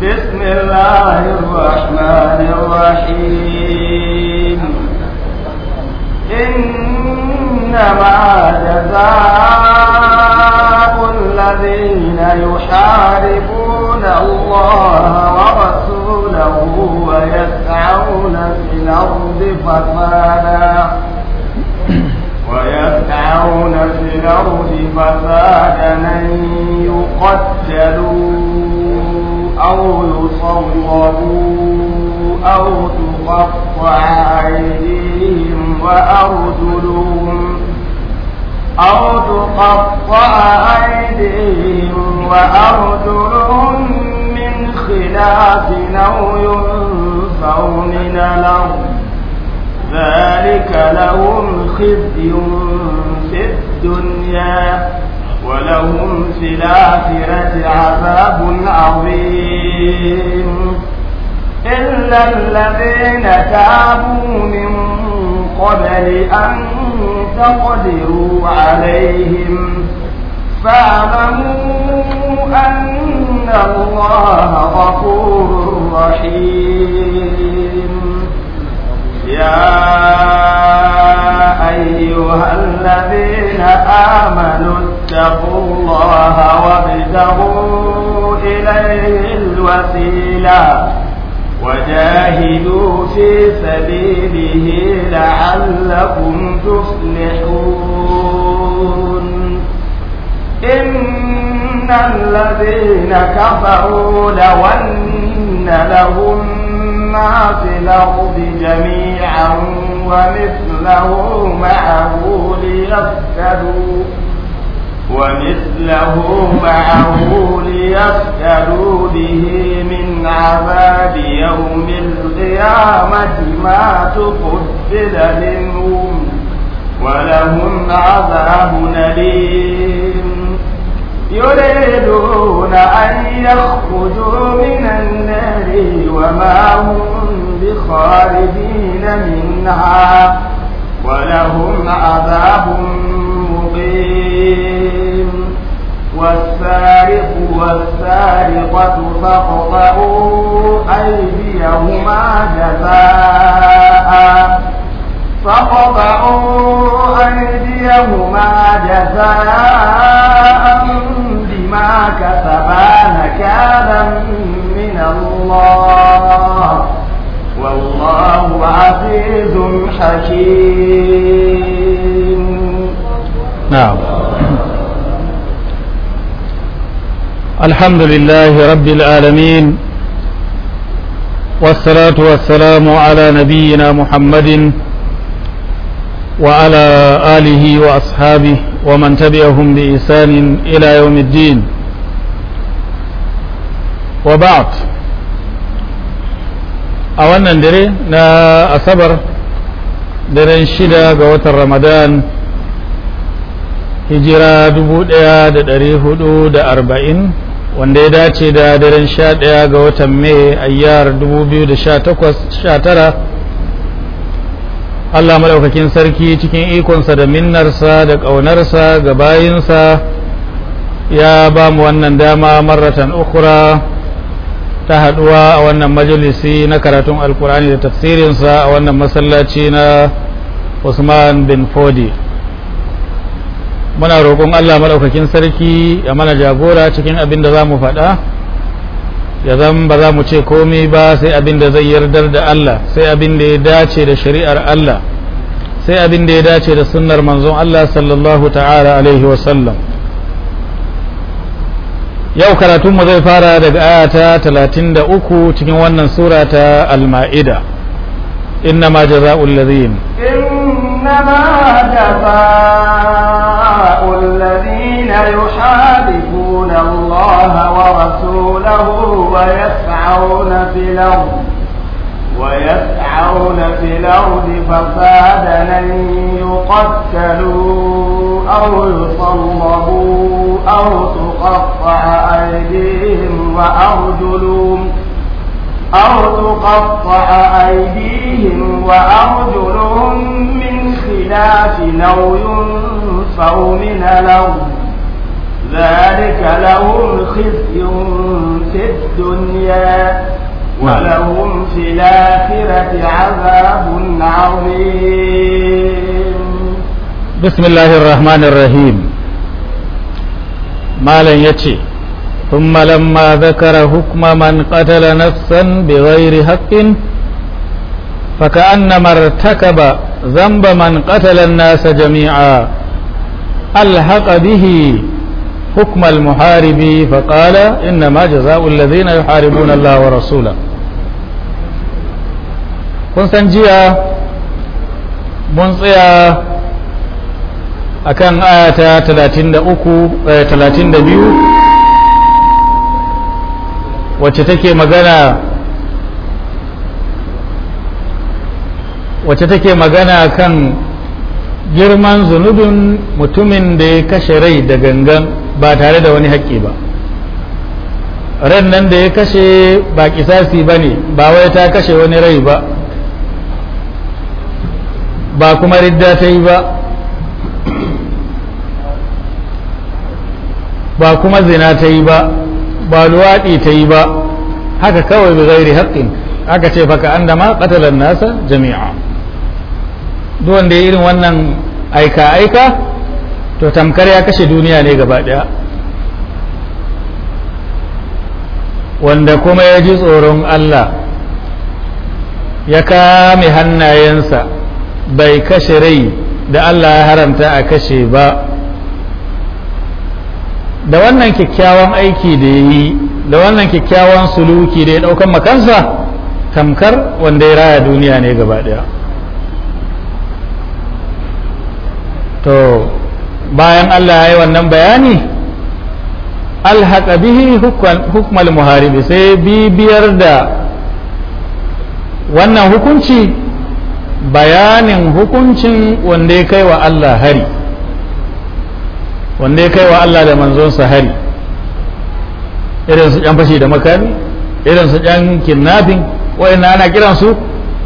بسم الله الرحمن الرحيم إنما جزاء الذين يحاربون الله ورسوله ويسعون في الأرض فسادا ويسعون في الأرض فسادا يقتلوا أو يصوروا أو تقطع أيديهم وأرجلهم أو تقطع أيديهم وأرجلهم من خلاف أو ينفوا من الأرض ذلك لهم خزي الدنيا ولهم في الآخرة عذاب عظيم إلا الذين تابوا من قبل أن تقدروا عليهم فاعلموا أن الله غفور رحيم يا أيها الذين آمنوا اتقوا الله وابتغوا إليه الوسيلة وجاهدوا في سبيله لعلكم تفلحون إن الذين كفروا لون لهم في الأرض جميعا ومثله معه ليفتدوا ومثله معه ليفتدوا به من عذاب يوم القيامة ما تقبل منهم ولهم عذاب أليم يريدون أن يخرجوا من النار وما هم بخارجين منها ولهم عذاب مقيم والسارق والسارقة فاقطعوا أيديهما جزاء فاقطعوا أيديهما جزاء ما كسبا نكالا من الله والله عزيز حكيم نعم الحمد لله رب العالمين والصلاة والسلام على نبينا محمد وعلى آله وأصحابه ومن تبعهم بإحسان إلى يوم الدين وبعد a wannan dare na asabar daren shida ga watan ramadan hijira 1440 wanda ya dace da daren sha ɗaya ga watan mai ayyar 2018 Allah madaukakin sarki cikin ikonsa da minnarsa da ƙaunarsa ga bayinsa ya ba mu wannan dama maratan ukura ta haɗuwa a wannan majalisi na karatun alkur'ani da tafsirinsa a wannan masallaci na usman bin fodi muna roƙon Allah madaukakin sarki ya mana jagora cikin abin da za mu faɗa ya zan ba za mu ce komai ba sai abin da zai yardar da Allah sai abin da ya dace da shari'ar Allah sai abin da ya dace da sunnar manzon Allah sallallahu ta'ala alaihi sallam. yau karatunmu zai fara daga ayata talatin da uku cikin wannan sura ta al-ma'ida innama jaza'ul ladhin إنما جزاء الذين يحاربون الله ورسوله ويسعون في الأرض ويسعون في الأرض فسادا أن يقتلوا أو يصلبوا أو تقطع أيديهم وأرجلهم أو تقطع أيديهم وأرجلهم من خلاف نو ينفوا من لهم ذلك لهم خزي في الدنيا ولهم في الآخرة عذاب عظيم بسم الله الرحمن الرحيم ما لن يتي ثم لما ذكر حكم من قتل نفسا بغير حق فكأنما ارتكب ذنب من قتل الناس جميعا ألحق به حكم المحارب فقال إنما جزاء الذين يحاربون الله ورسوله kun منصيا أكان mun tsaya a kan تلاتين 33 32 آية wacce take magana wacce take magana kan girman zunubin mutumin da ya kashe rai da gangan ba tare da wani haƙƙi ba ran nan da ya kashe ba kisasi ba ne ba wai ta kashe wani rai ba ba kuma ridda ta yi ba ba kuma zina ta yi ba ba luwaɗi ta yi ba haka kawai bi gairi haƙƙin aka ce faka an da ma ƙatalar nasa jami'a duk wanda ya irin wannan aika-aika to tamkar ya kashe duniya ne gaba ɗaya wanda kuma ya ji tsoron Allah ya kame hannayensa bai kashe rai da Allah ya haramta a kashe ba da wannan kyakkyawan aiki da ya yi da wannan kyakkyawan suluki da ya ɗaukan makansa tamkar wanda ya raya duniya ne gaba ɗaya to bayan allah ya yi wannan bayani alhaka bihi hukmal muharibi sai bibiyar da wannan hukunci bayanin hukuncin wanda ya kai wa allah hari wanne ya kai wa Allah da manzonsa hari irin su yan fashi da makami irin su yan kidnapping waɗanda ana kiran su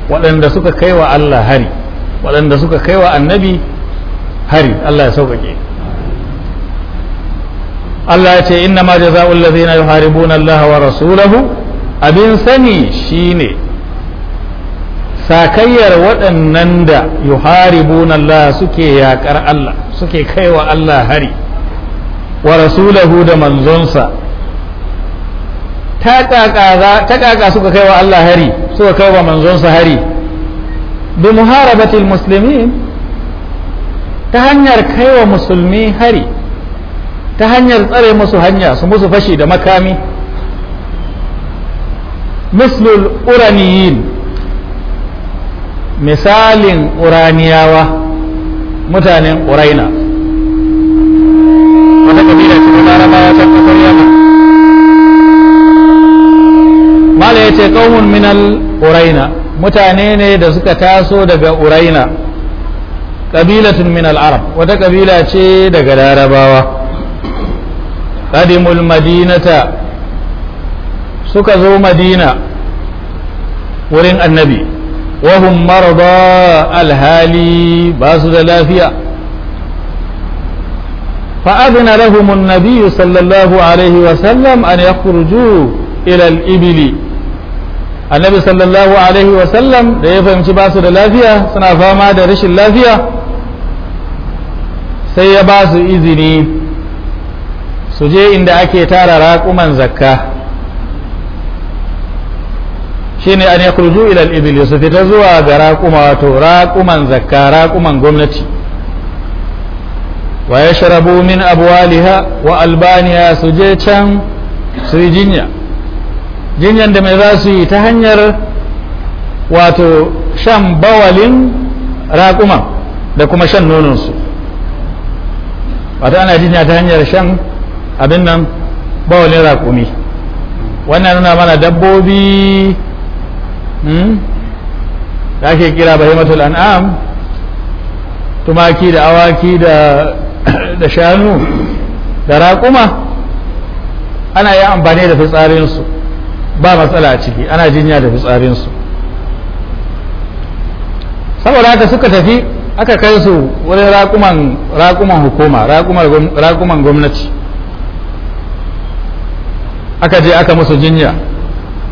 waɗanda suka kai wa Allah hari waɗanda suka kai wa annabi hari Allah ya sauƙaƙe Allah ya ce inna ma jaza'ul ladzina yuharibuna Allah wa rasulahu abin sani shine sakayyar waɗannan da yuharibuna Allah suke yaƙar Allah suke kaiwa Allah hari wa rasulahu da manzonsa ta kaka suka kai wa Allah hari suka kai wa manzonsa hari bi muharabatil muslimin ta hanyar kai musulmi hari ta hanyar tsare musu hanya su musu fashi da makami mislul uraniyin misalin uraniyawa mutanen uraina wata kabila ce ta larabawa can kasar yaman mala ya ce minal uraina mutane ne da suka taso daga uraina ƙabilatun minal arab wata kabila ce daga larabawa qadimul madinata suka zo madina wurin annabi wahum marada alhali ba su da lafiya فأذن لهم النبي صلى الله عليه وسلم أن يخرجوا إلى الإبل النبي صلى الله عليه وسلم da ya fahimci ba su da lafiya suna fama da rashin lafiya sai ya ba su izini su je inda ake tara raƙuman zakka shine an ya kurju ilal ibil su fita zuwa ga raƙuma wato raƙuman zakka raƙuman gwamnati wa ya sharabu min abuwaliha wa albaniya su can su yi jinya jinyan da mai za su yi ta hanyar wato shan bawalin raƙuma da kuma shan nononsu wato ana jinya ta hanyar shan abin nan bawalin raƙumi wannan nuna mana dabbobi da ake kira bahimatul an'am tumaki da awaki da da shanu da raƙuma ana yi amfani da fitsarinsu ba matsala a ciki ana jinya da fitsarinsu saboda haka suka tafi aka kai su wurin raƙuman hukuma raƙuman gwamnati aka je aka musu jinya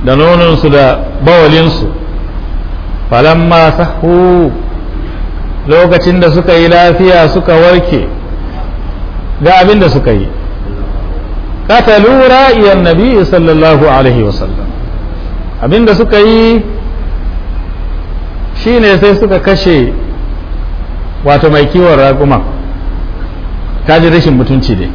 da nononsu da bawalinsu falamma sahu lokacin da suka yi lafiya suka warke ga abin da suka yi katalu ra'iyan nabi sallallahu alaihi wasallam abin da suka yi shine sai suka kashe wato mai kiwon raƙuma kaji rashin mutunci ne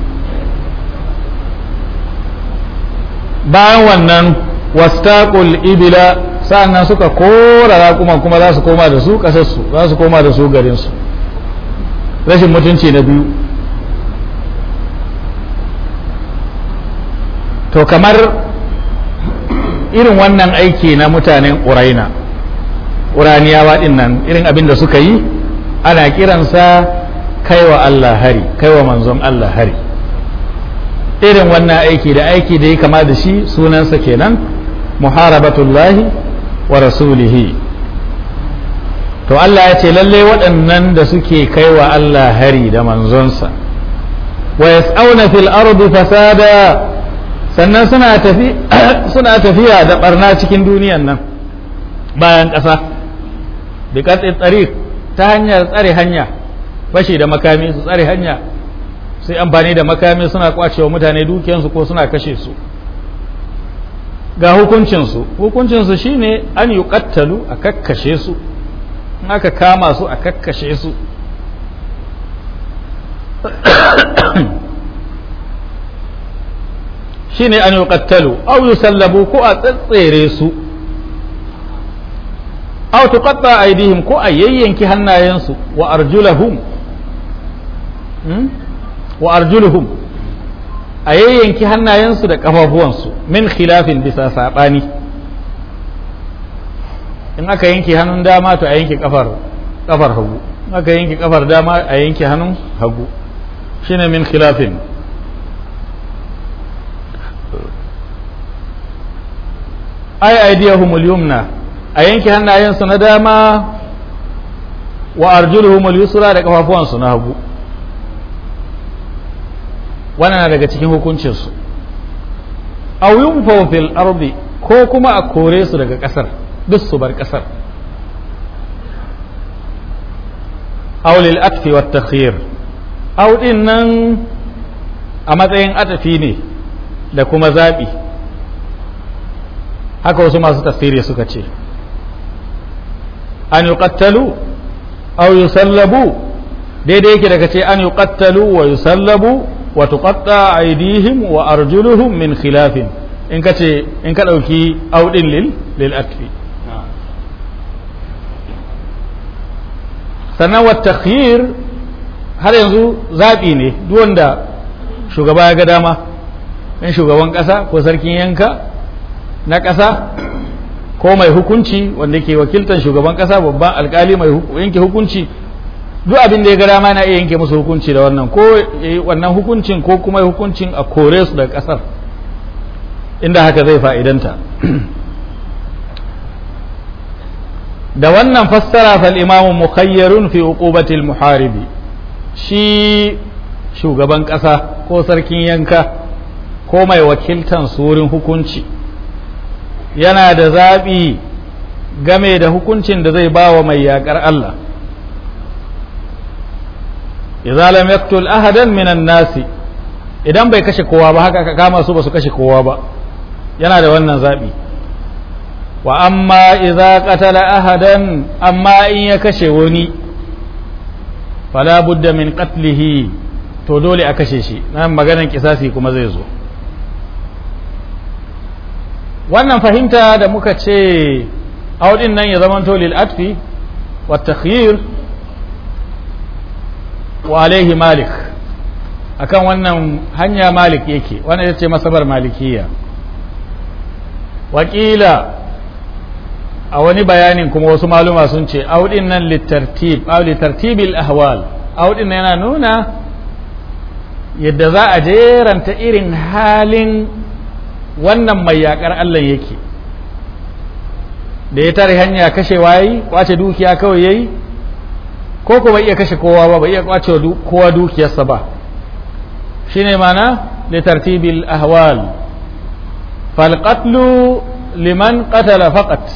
bayan wannan wastaqul ibila sa'annan suka kora raƙuma kuma za su koma da su ƙasarsu za su koma da su garinsu rashin mutunci na biyu to kamar irin wannan aiki na mutanen uraina uraniyawa ɗin nan irin abin da suka yi ana kiransa kaiwa Allah hari kaiwa manzon Allah hari irin wannan aiki da aiki da ya kama da shi sunansa kenan muharabatullahi wa rasulihi to Allah ya ce lalle waɗannan da suke kaiwa Allah hari da manzonsa wa yas'auna fil ardi fasada sannan suna tafiya da barna cikin duniyan nan bayan ƙasa bi tsari ta hanyar tsare hanya fashi da makami su tsare hanya sai amfani da makami suna kwacewa mutane dukiyansu ko suna kashe su ga hukuncinsu hukuncinsu shine an yi kattalu a kakkashe su in aka kama su a kakkashe su ne an yuqattalu aw yusallabu ko a tsatsere su aw tuqatta aydihim ko a yayyanki hannayensu wa arjulahum hmm? wa arjuluhum a yayyanki hannayensu da kafafuwansu min khilafin bisa sabani in aka yanke hannun dama to a yanke kafar kafar hagu in aka yanke kafar dama a yanke hannun hagu shine min khilafin ai al yumna a yanke su na dama wa al yusra da kafafuwansu na hagu wannan daga cikin hukuncinsu aw yunfaw fil ardi ko kuma a kore su daga kasar duk su bar kasar aw lil akfi wat takhir aw din nan a matsayin atafi ne da kuma zabi haka wasu masu tafsiri suka ce an yuqattalu aw yusallabu daidai yake daga ce an yuqattalu wa yusallabu wa a aydihim wa arjuluhum min khilafin in ka ce in ka ɗauki auɗin lil lil atfi sannan wa har yanzu zaɓi ne duk wanda shugaba ya ga dama in shugaban ƙasa ko sarkin yanka na ƙasa ko mai hukunci wanda ke wakiltar shugaban ƙasa babban alkali mai yanke hukunci duk abin da ya gara ma na iya yanke musu hukunci da wannan ko wannan hukuncin ko kuma hukuncin a kore su daga ƙasar inda haka zai fa'idanta da wannan fassara fal imamu mukhayyarun fi uqubatil muharibi shi shugaban ƙasa ko sarkin yanka ko mai wakiltar su wurin hukunci yana da zaɓi game da hukuncin da zai ba wa mai yaƙar Allah Iza lam yaqtul ahadan minan nasi idan bai kashe kowa ba haka ka kama su ba su kashe kowa ba yana da wannan zaɓi wa amma idza qatala ahadan amma in ya kashe wani fala budda min qatlihi to dole a kashe shi nan maganan kisasi kuma zai zo wannan fahimta da muka ce audin nan ya zamanto lil atfi wa takhyir wa alaihi malik akan wannan hanya malik yake wannan ya ce masabar malikiya wakila a wani bayanin kuma wasu maluma sun ce audin nan littartib ahwal audin nan yana nuna yadda za a jeranta irin halin wannan mai yakar Allah yake da ya tare hanya kashe waye kwace dukiya kawai yayi ko kuma bai iya kashe kowa ba bai iya kwace kowa dukiyarsa ba shine mana li tartibil ahwal fal qatlu liman qatala faqat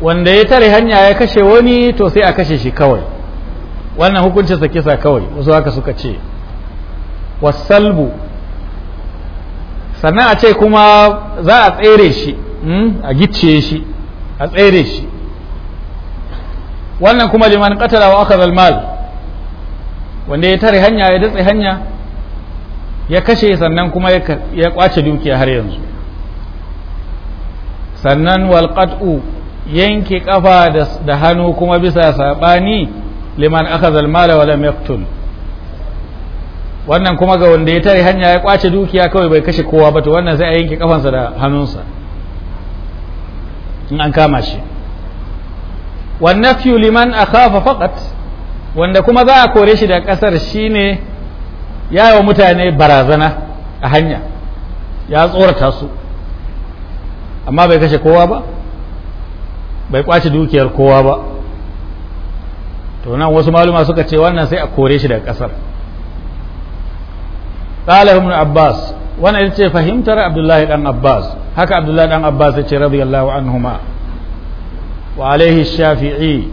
wanda ya tare hanya ya kashe wani to sai a kashe shi kawai wannan hukuncin sa kisa kawai wasu haka suka ce wasalbu sannan a ce kuma za a tsere shi hmm, a gicciye shi a tsere shi wannan kuma liman qatala wa aka mal wanda ya tare hanya ya datse hanya ya kashe sannan kuma ya kwace dukiya har yanzu sannan walƙatu yanke ƙafa da hannu kuma bisa saɓani liman aka mal wa lam wannan kuma ga wanda ya tare hanya ya kwace dukiya kawai bai kashe kowa ba to wannan sai a yanke kafansa da hannunsa in an kama shi wan nafyu liman akhafa faqat wanda kuma za a kore shi da kasar shine wa mutane barazana a hanya ya tsorata su amma bai kashe kowa ba bai kwace dukiyar kowa ba to nan wasu maluma suka ce wannan sai a kore shi daga kasar qala ibn abbas wannan ita ce fahimtar abdullahi dan abbas haka abdullahi dan abbas yace radiyallahu anhuma wa shafi'i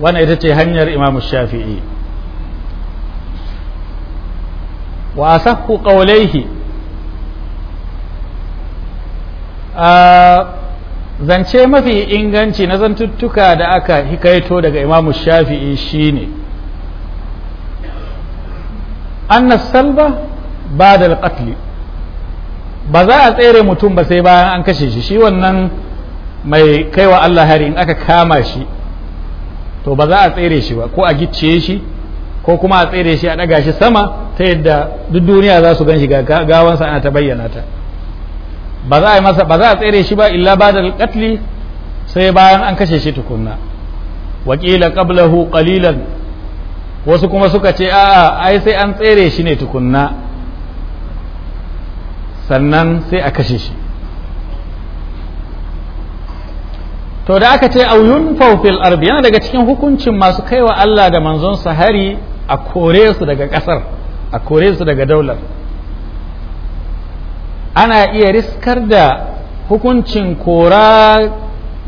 wannan ita ce hanyar imam shafi'i wa asahhu zance mafi inganci na zantuttuka da aka hikaito daga imamu shafi'i shine anna salba ba da ba za a tsere mutum ba sai bayan an kashe shi shi wannan mai kaiwa Allah hari in aka kama shi to ba za a tsere shi ba ko a gicciye shi ko kuma a tsere shi a ɗaga shi sama ta yadda duk duniya za su gan shi gawansa ana ta bayyana ta ba za a yi masa ba za a tsere shi ba illa ba da sai bayan an kashe shi tukunna wakila qablahu qalilan wasu kuma suka ce a'a ai sai an tsere shi ne tukunna sannan sai a kashe shi to da aka ce auyun fil arbi yana daga cikin hukuncin masu kaiwa Allah da manzonsa hari a kore su daga ƙasar a kore su daga daular ana iya riskar da hukuncin kora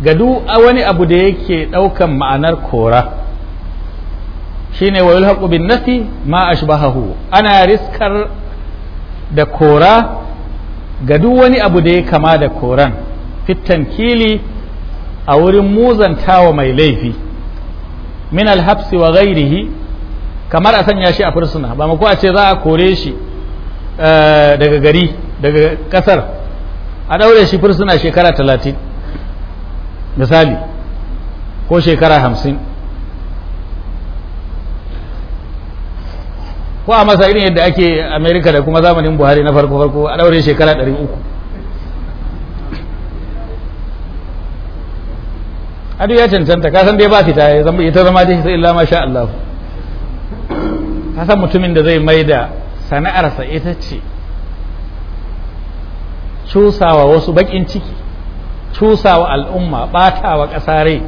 ga duk wani abu da yake ɗaukan ma'anar kora shine wa yulhaqu bin nafi ma ashbahahu ana riskar da kora ga duk wani abu da ya kama da koran fitan kili a wurin muzantawa mai laifi min alhafsi wa ghairihi kamar a sanya shi a fursuna ba mako a ce za a kore shi eh, daga gari daga kasar a ɗaure shi fursuna shekara talatin misali ko shekara hamsin ko a masa irin yadda ake amerika da kuma zamanin buhari na farko farko a daure shekara 300 adu ya cancanta ka san dai ba fita ya zama ita zama dai sai illa ma sha Allah ka san mutumin da zai maida sana'arsa ita ce cusawa wasu bakin ciki cusawa al'umma batawa ƙasa rai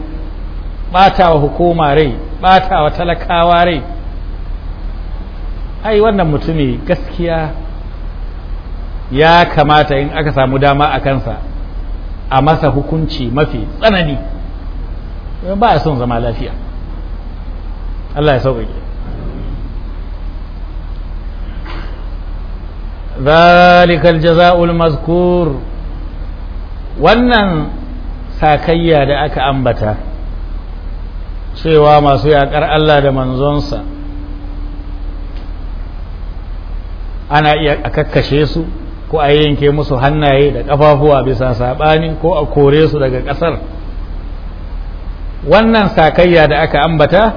batawa hukuma rai batawa talakawa rai ai wannan mutumi gaskiya ya kamata in aka samu dama a kansa a masa hukunci mafi tsanani ba a son zama lafiya Allah ya sauƙaƙe zalikal jaza'ul mazkur wannan sakayya da aka ambata cewa masu yaƙar Allah da manzonsa ana iya a kakkashe su ko a yanke musu hannaye da ƙafafuwa bisa saɓani ko a kore su daga ƙasar wannan sakayya da aka ambata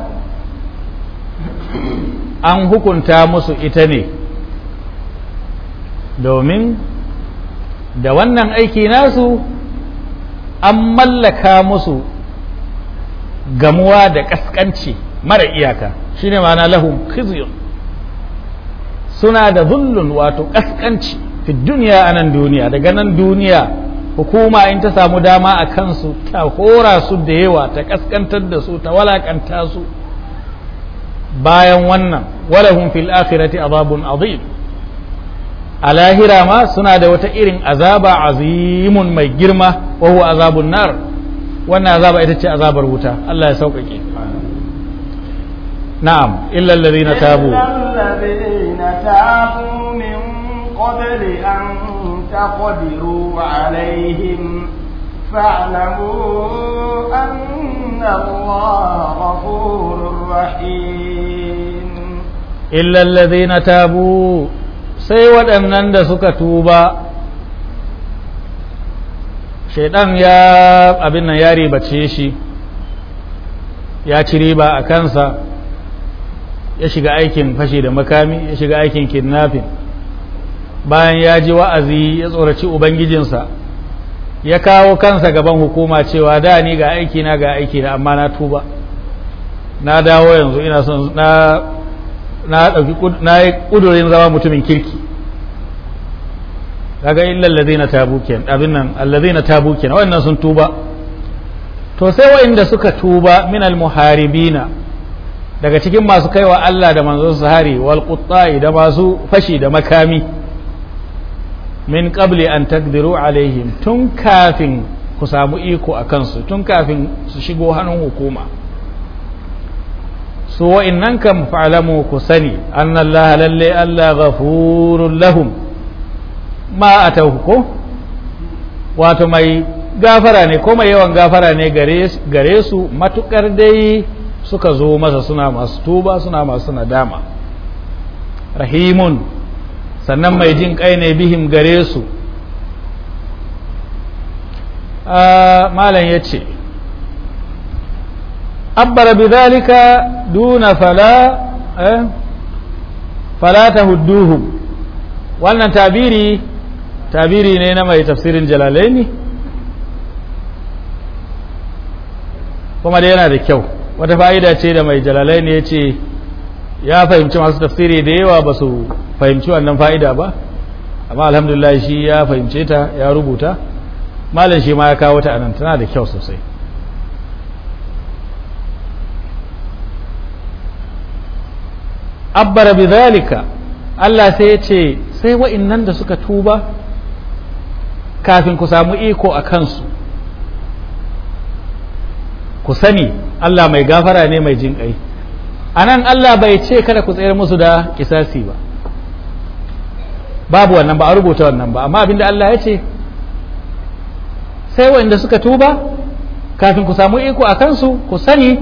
an hukunta musu ita ne domin da wannan aiki nasu an mallaka musu gamuwa da ƙasƙanci mara iyaka shine ma'ana lahum khizyun suna da zullun wato ƙasƙanci fi duniya a nan duniya daga nan duniya hukuma in ta samu dama a kansu ta hora su da yawa ta ƙasƙantar da su ta walakanta su bayan wannan walahun fil akhirati azabun azim a lahira ma suna da wata irin azaba azimun mai girma wa azabun nar wannan azaba ita ce azabar wuta Allah ya sauƙaƙe نعم إلا الذين تابوا إلا الذين تابوا من قبل أن تقدروا عليهم فاعلموا أن الله غفور رحيم إلا الذين تابوا sai waɗannan da suka tuba shaidan ya abin nan ya ribace shi ya ci riba a kansa ya shiga aikin fashi da makami ya shiga aikin kidnapping bayan ya ji wa'azi ya tsoraci ubangijinsa ya kawo kansa gaban hukuma cewa da ni ga aiki na ga aiki na amma na tuba na dawo yanzu ina son na na dauki na yi kudurin zama mutumin kirki daga illa allazina tabuken abin nan allazina tabuken wannan sun tuba to sai wa'inda suka tuba min muharibina daga cikin masu kaiwa Allah da manzon su hari wal quttai da masu fashi da makami min qabli an takdiru alaihim tun kafin ku samu iko a kansu tun kafin su shigo hannun hukuma su wa'innan kam fa'alamu ku sani annallaha lalle Allah ghafurun lahum ma atahu ko wato mai gafara ne ko mai yawan gafara ne gare su matukar dai suka zo masa suna masu tuba suna masu nadama rahimun sannan mai jin kai ne bihim gare su ah, malam ya ce abbara bi duna fala eh, fala ta wannan tabiri tabiri ne na mai tafsirin jalalaini kuma dai yana da kyau wata fa'ida ce da mai jalalai ne ya ce ya fahimci masu tafsiri da yawa ba su fahimci wannan fa'ida ba amma alhamdulillah shi ya fahimce ta ya rubuta malin shi ma ya kawo ta anan tana da kyau sosai abbar bi zalika Allah sai ya ce sai nan da suka tuba kafin ku samu iko a kansu ku sani Allah mai gafara ne mai jin ƙai a nan Allah bai ce kada ku tsayar musu da kisasi ba babu wannan ba a rubuta wannan ba amma abinda Allah ya ce sai wanda suka tuba kafin ku samu iko a kansu ku sani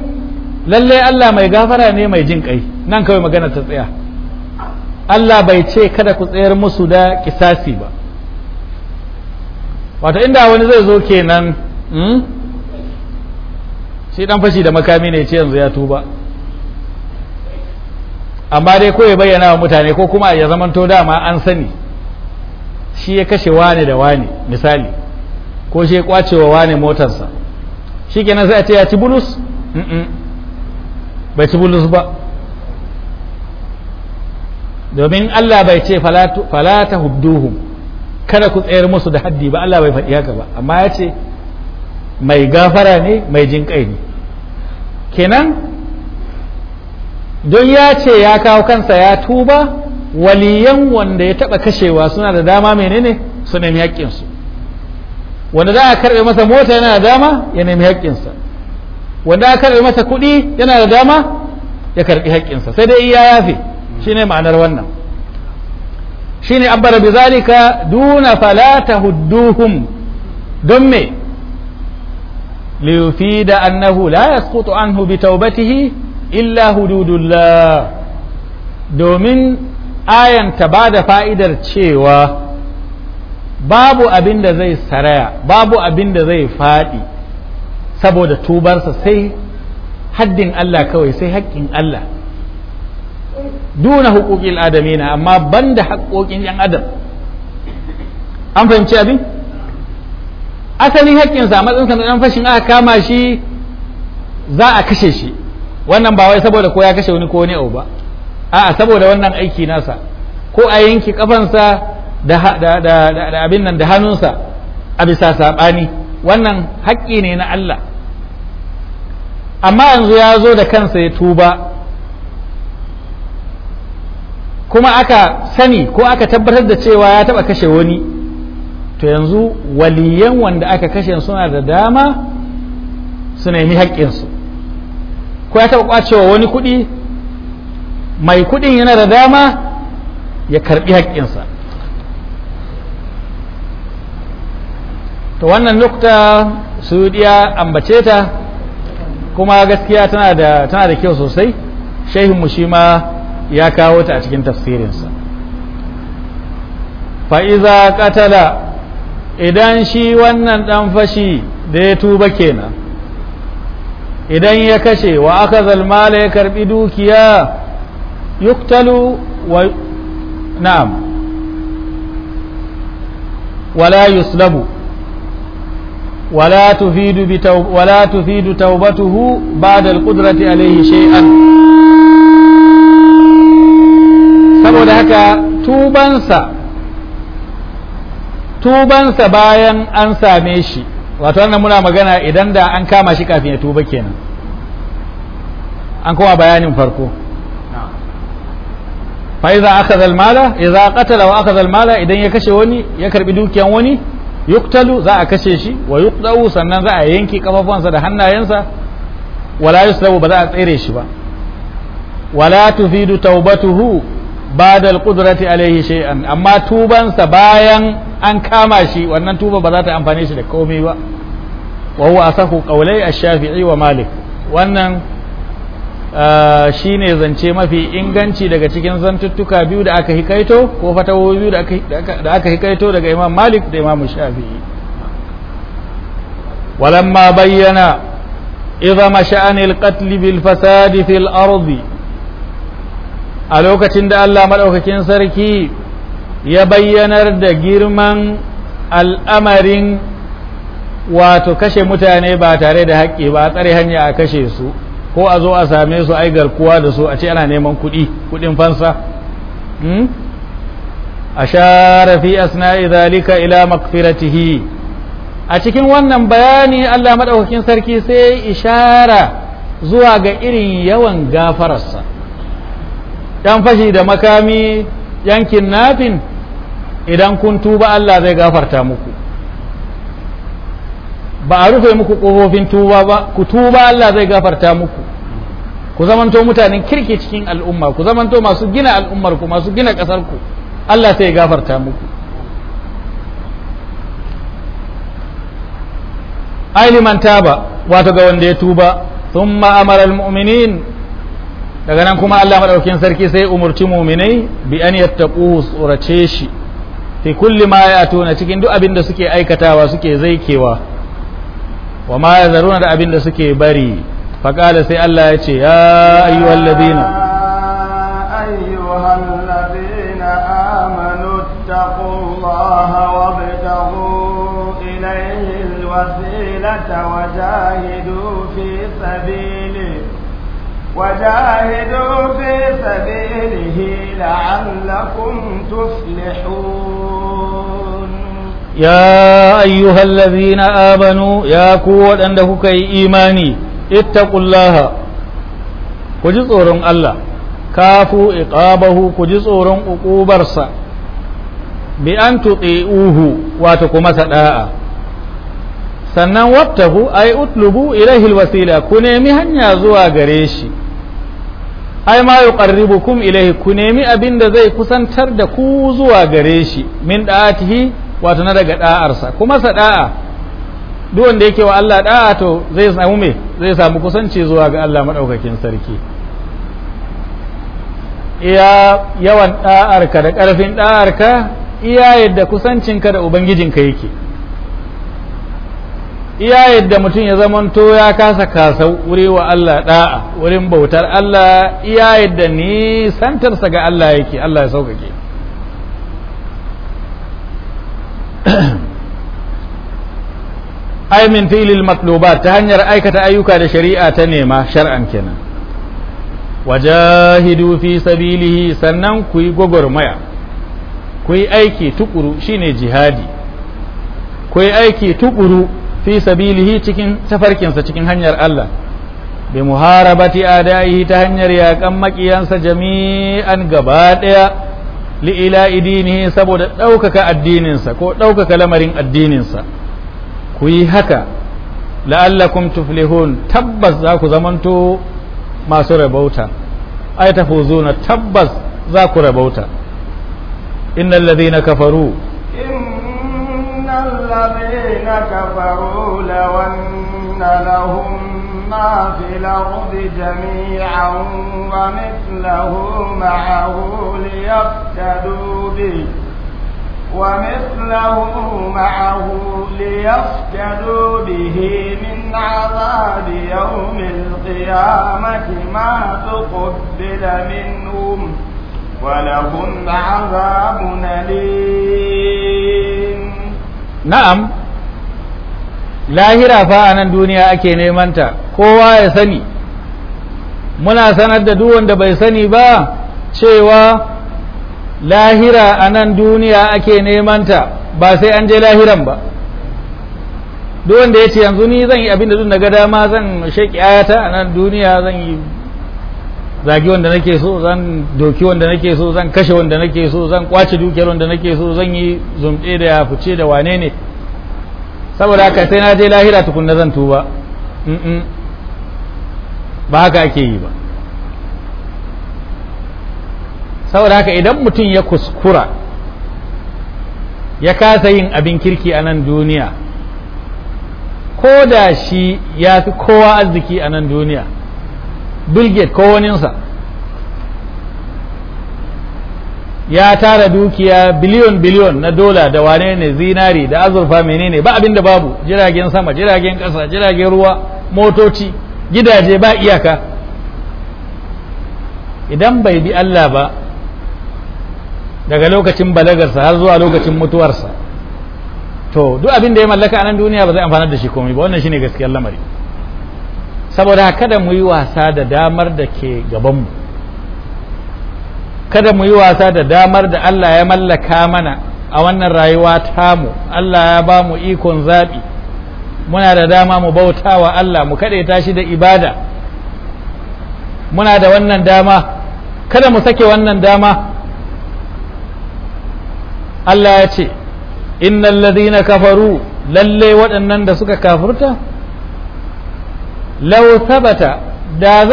lallai Allah mai gafara ne mai jin ƙai nan kawai magana ta tsaya Allah bai ce kada ku tsayar musu da kisasi ba wato inda wani zai zo kenan hmm? shi dan fashi da makami ne ce yanzu ya tuba amma dai ko ya bayyana wa mutane ko kuma ya zamanto dama an sani shi ya kashe wane da wane misali ko shi ya kwace wa wane motarsa shi kenan sai a ce ya ci bulus bai ci bulus ba domin Allah bai ce falata hubduhum kada ku tsayar musu da haddi ba Allah bai faɗi haka ba amma ya ce mai gafara ne mai jinƙai ne kenan don ya ce ya kawo kansa ya tuba waliyan wanda ya taɓa kashewa suna da dama menene su nemi haƙƙinsu wanda za a karɓe masa mota yana da dama ya nemi haƙƙinsa wanda a karɓe masa kuɗi yana da dama ya karɓi haƙƙinsa sai dai iya yafe shine ma'anar wannan shine abbara bi zalika duna falata hudduhum don me ليفيد أنه لا يسقط عنه بتوبته إلا حدود الله domin ayan ta ba da fa'idar cewa babu abin da zai saraya babu abin da zai faɗi saboda tubarsa sai haddin Allah kawai sai haƙƙin Allah duna hukukin adamina amma banda haƙƙoƙin ‘yan adam an fahimci abin? asalin haƙƙinsa matsinsa na ɗan fashin aka kama shi za a kashe shi wannan ba wai saboda ko ya kashe wani ko wani abu ba a'a saboda wannan aiki nasa ko a yanki kafansa da abin nan da hannunsa a bisa saɓani wannan haƙƙi ne na Allah amma yanzu ya zo da kansa ya tuba kuma aka sani ko aka tabbatar da cewa ya taɓa kashe wani to yanzu waliyan wanda aka kashe suna da dama su nemi haƙƙinsu ko ya taɓa ƙwacewa wani kuɗi mai kuɗin yana da dama ya karɓi haƙƙinsa to wannan nukta suudiya ambace ta kuma gaskiya tana da tana da kyau sosai mu shi ma ya kawo ta a cikin tafsirinsa fa'iza ƙatala idan shi wannan dan fashi da ya tuba kenan idan ya kashe wa aka zalmala ya karbi dukiya yuktalu wa na'am wala yuslabu wala تفيد بتوب ولا تفيد توبته بعد القدرة saboda haka tubansa tubansa bayan an same shi wato wannan muna magana idan da an kama shi kafin ya tuba kenan an kuma bayanin farko fa idza akhadha al-mala qatala wa akhadha idan ya kashe wani ya karbi dukiyan wani yuktalu za a kashe shi wa yuqdau sannan za a yanke kafafuwansa da hannayensa wala yuslabu ba za a tsere shi ba wala tufidu taubatuhu ba da alƙudrati alaihi shay'an amma tubansa bayan an kama shi wannan tuba ba za ta amfane shi da komai ba wa huwa asahu qawlai ash-shafi'i wa malik wannan ah, shine zance mafi inganci daga cikin zantuttuka biyu da aka hikaito ko fatawoyi biyu da aka hikaito daga imam malik da imam shafi'i walamma bayyana idha masha'anil qatl bil fasadi fil ardi a lokacin da Allah maɗaukakin sarki ya bayyanar da girman al'amarin wato kashe mutane ba tare da haƙƙi ba a tsare hanya a kashe su ko a zo a same su ai garkuwa da su a ce ana neman kuɗi kuɗin fansa hmm? a share fi asna'i zalika ila makfiratihi a cikin wannan bayani Allah maɗaukakin sarki sai ishara zuwa ga irin yawan gafararsa yan fashi da makami yankin nafin idan kun tuba Allah zai gafarta muku ba a rufe muku ƙofofin tuba ba ku tuba Allah zai gafarta muku ku zamanto mutanen kirki cikin al'umma ku zamanto masu gina al'ummar ku masu gina ƙasarku ku Allah sai gafarta muku ai liman taba wato ga wanda ya tuba thumma amara al daga nan kuma Allah madaukakin sarki sai umurci muminai bi an yattaqu surace shi fi kulli ma yatuna cikin duk abin da suke aikatawa suke zaikewa wa ma yazaruna da abin da suke bari faqala sai Allah ya ce ya ayyuhal ladina ayyuhal وجاهدوا في سبيله لعلكم تفلحون يا أيها الذين آمنوا يا قوة أنه كي إيماني اتقوا الله كجز أورن الله كافوا إقابه كجز أورن أقوبرسا بأن تطيئوه واتكم سداء sannan wabtahu ay utlubu ilaihi alwasila ku nemi hanya zuwa gare shi ai ma yuqarribukum ilayhi ku nemi abin da zai kusantar da ku zuwa gare shi min da'atihi wato na daga da'arsa kuma sa da'a duk wanda yake wa Allah da'a to zai samu me zai samu kusanci zuwa ga Allah madaukakin sarki iya yawan da'arka da karfin da'arka iya yadda kusancinka da ubangijinka yake iya yadda mutum ya zamanto ya kasa kasau wuri wa Allah da'a wurin bautar Allah iya yadda santarsa ga Allah yake Allah ya sauƙaƙe ai min fi'lil matlubat ta hanyar aikata ayyuka da shari'a ta nema shar'an kenan wajahidu fi sabilihi sannan ku yi gwagwarmaya ku yi aiki tukuru shine jihadi ku yi aiki tukuru fi sabilihi cikin tafarkinsa cikin hanyar Allah bi muharabati adaihi ta hanyar yakan makiyansa jami'an gaba daya li ila idinihi saboda ɗaukaka addininsa ko ɗaukaka lamarin addininsa ku yi haka la'allakum tuflihun tabbas za ku zamanto masu rabauta ai tafuzuna tabbas za ku rabauta innal ladhina kafaru الذين كفروا لو أن لهم ما في الأرض جميعا ومثله معه ليفتدوا به ومثله معه ليفتدوا به من عذاب يوم القيامة ما تقبل منهم ولهم عذاب أليم na'am lahira fa a nan duniya ake nemanta kowa ya sani muna sanar da duk wanda bai sani ba cewa lahira a nan duniya ake ta ba sai an je lahiran ba duk wanda ya ce yanzu ni zan yi abin da na ga dama zan shaƙi ayata a nan duniya zan yi zagi wanda nake so zan doki wanda nake so zan kashe wanda nake so zan kwace dukiyar wanda nake so zan yi zumɗe da ya fice da wane ne saboda haka sai na je lahira tukunna zan tuba ba haka ake yi ba saboda haka idan mutum ya kuskura ya kasa yin abin kirki a nan duniya ko da shi ya fi kowa arziki a nan duniya bill Gates ko waninsa ya tara dukiya biliyon biliyon na dola da wane ne zinari da azurfa menene ba abin da babu jiragen sama jiragen ƙasa jiragen ruwa motoci gidaje ba iyaka idan bai bi Allah ba daga lokacin balagarsa har zuwa lokacin mutuwarsa to duk abin da ya mallaka a nan duniya ba zai amfanar da shi komai ba wannan shine gaskiyar lamari saboda kada mu yi wasa da damar da ke gabanmu kada mu yi wasa da damar da Allah ya mallaka mana a wannan rayuwa tamu Allah ya ba mu ikon zaɓi muna da dama mu bauta wa Allah mu kaɗaita shi da ibada muna da wannan dama kada mu sake wannan dama Allah ya ce innal ladina kafaru lalle waɗannan da suka kafurta lau sabata da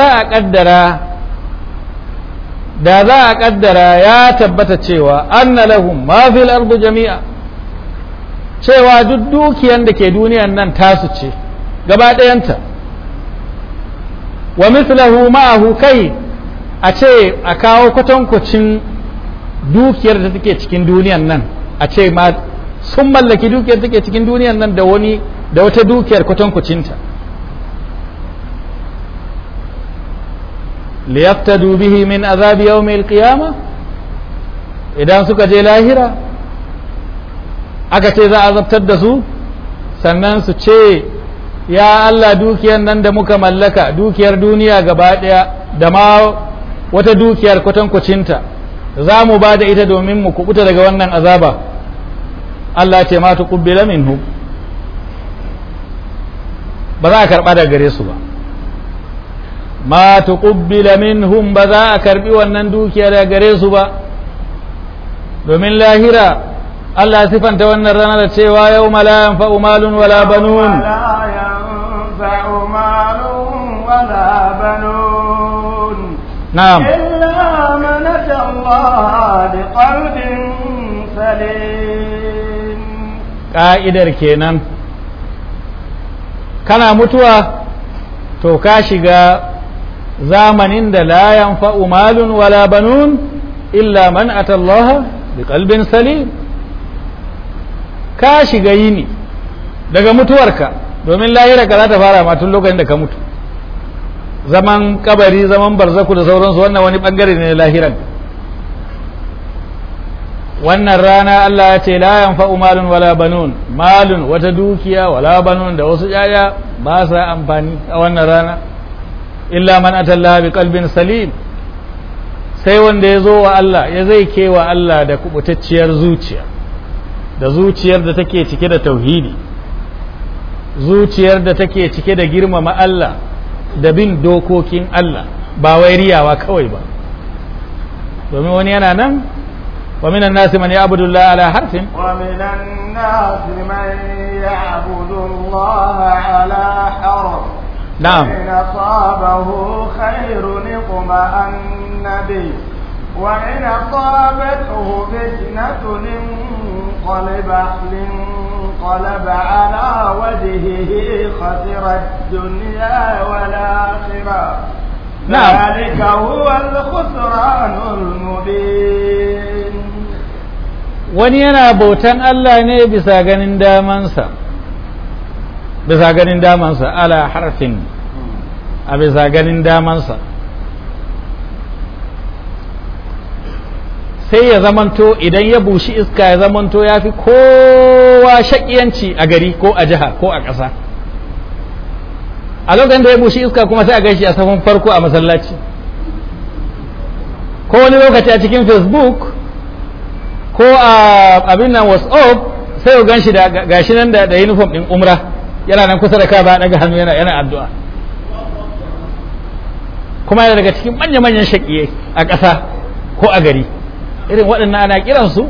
za a ƙaddara ya tabbata cewa anna lahum ma fil ardu jami'a cewa duk dukiyan da ke duniyan nan tasu ce gaba ɗayanta wa mislahu ma'ahu kai a ce a kawo kwatankwacin dukiyar da take cikin duniyan nan a ce ma sun mallaki dukiyar da take cikin duniyan nan da wani da wata dukiyar kwatankwacinta liyaftadu bihi min azabi yawmi qiyama idan suka je lahira aka ce za a zabtar da su sannan su ce ya Allah dukiyar nan da muka mallaka dukiyar duniya gaba daya da ma wata dukiyar kwatankwacinta za mu ba da ita domin mu kubuta daga wannan azaba Allah ce ma kubbila minhu ba za a karba daga gare su ba ma min minhum ba za a karɓi wannan dukiya da gare su ba domin lahira Allah sifanta wannan rana da cewa yau la yanfa'u malun wala banun na'am illa man ka'idar kenan kana mutuwa to ka shiga zamanin da layan yanfa'u malun wala illa man atallaha da kalbin salim ka shiga yini daga mutuwarka domin lahira ka za ta fara matun lokacin da ka mutu zaman kabari zaman barzaku da sauransu wannan wani bangare ne lahiran wannan rana Allah ya ce layan yanfa'u malun wala malun wata dukiya wala banun da wasu yaya ba sa amfani a wannan rana illa man atalla bi salim sai wanda ya zo wa Allah ya zai kewa Allah da kubutacciyar zuciya da zuciyar da take cike da tauhidi zuciyar da take cike da girmama Allah da bin dokokin Allah ba wai riyawa kawai ba domin wani yana nan ومن الناس من يعبد ala على حرف ومن الناس من يعبد الله على حرف نعم وإن أصابه خير اطمأن به وإن أصابته فتنة انقلب انقلب على وجهه خسر الدنيا والآخرة نعم ذلك هو الخسران المبين wani yana bautan Allah ne bisa ganin damansa bisa ganin damansa ala harfin a bisa ganin damansa sai ya zamanto idan ya bushi iska ya zamanto ya fi kowa shakiyanci a gari ko a jiha ko a ƙasa a lokacin da ya bushi iska kuma sai a gaishe a safin farko a masallaci ko wani lokaci a cikin facebook ko a abin nan whatsapp sai ya ganshi da gashi nan da uniform din umra yana nan kusa da ka ba daga hannu yana yana addu'a kuma yana daga cikin manya-manyan shaƙiye a ƙasa ko a gari irin waɗannan ana kiransu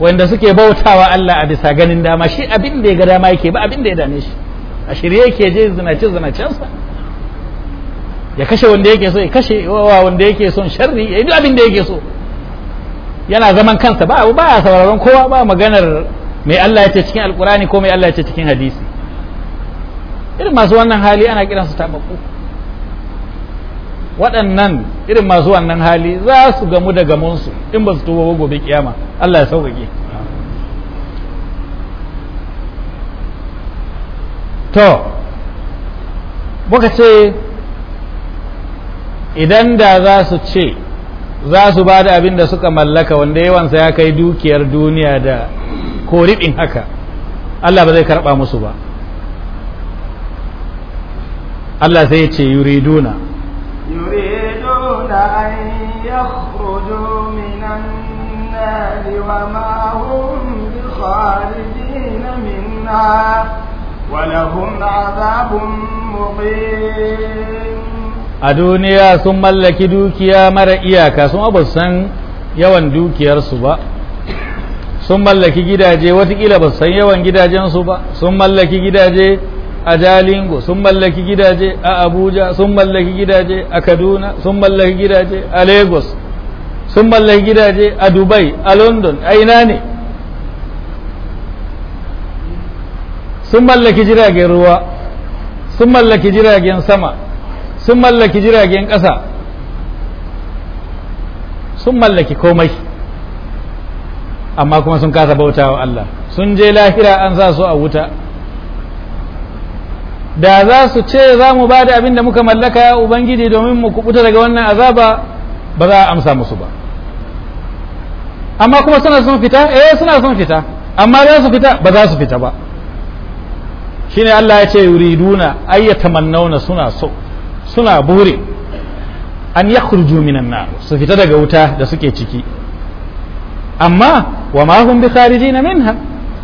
wanda suke bautawa Allah a bisa ganin dama shi abin da ya ga dama yake ba abin da ya dame shi a shirye yake je zinace zinacensa ya kashe wanda yake so ya kashe wa wanda yake son sharri ya yi abin da yake so yana zaman kansa ba ba sauraron kowa ba maganar mai Allah ya ce cikin alkurani ko mai Allah ya ce cikin hadisi irin masu wannan hali ana kiransu tababbu waɗannan irin masu wannan hali za su gamu da gamonsu in ba su tuba ba gobe kiyama Allah ya sauƙaƙe to muka ce idan da za su ce za su ba da abin da suka mallaka wanda yawansa ya kai dukiyar duniya da ko ribin haka Allah ba zai karba musu ba Allah zai ya ce yuriduna yuriduna an yakhruju minan nar wa ma hum bikharijin minha wa lahum adhabun a duniya sun mallaki dukiya mara iyaka sun basu san yawan dukiyarsu ba sun mallaki gidaje watakila ba san yawan gidajensu ba sun mallaki gidaje a jalingo sun mallaki gidaje a abuja sun mallaki gidaje a kaduna sun mallaki gidaje a lagos sun mallaki gidaje a dubai a london a ina ne sun mallaki jiragen ruwa sun mallaki jiragen sama sun mallaki jiragen ƙasa sun mallaki komai amma kuma sun kasa bauta wa Allah sun je lahira an sa su a wuta da za su ce za mu ba da abin da muka mallaka ya ubangiji domin mu kubuta daga wannan azaba ba za a amsa musu ba amma kuma suna son fita eh suna son fita amma za su fita ba za su fita ba shine Allah ya ce yuriduna mannauna suna so suna bure an yakhruju minan nar su fita daga wuta da suke ciki amma wa ma hum bikharijin minha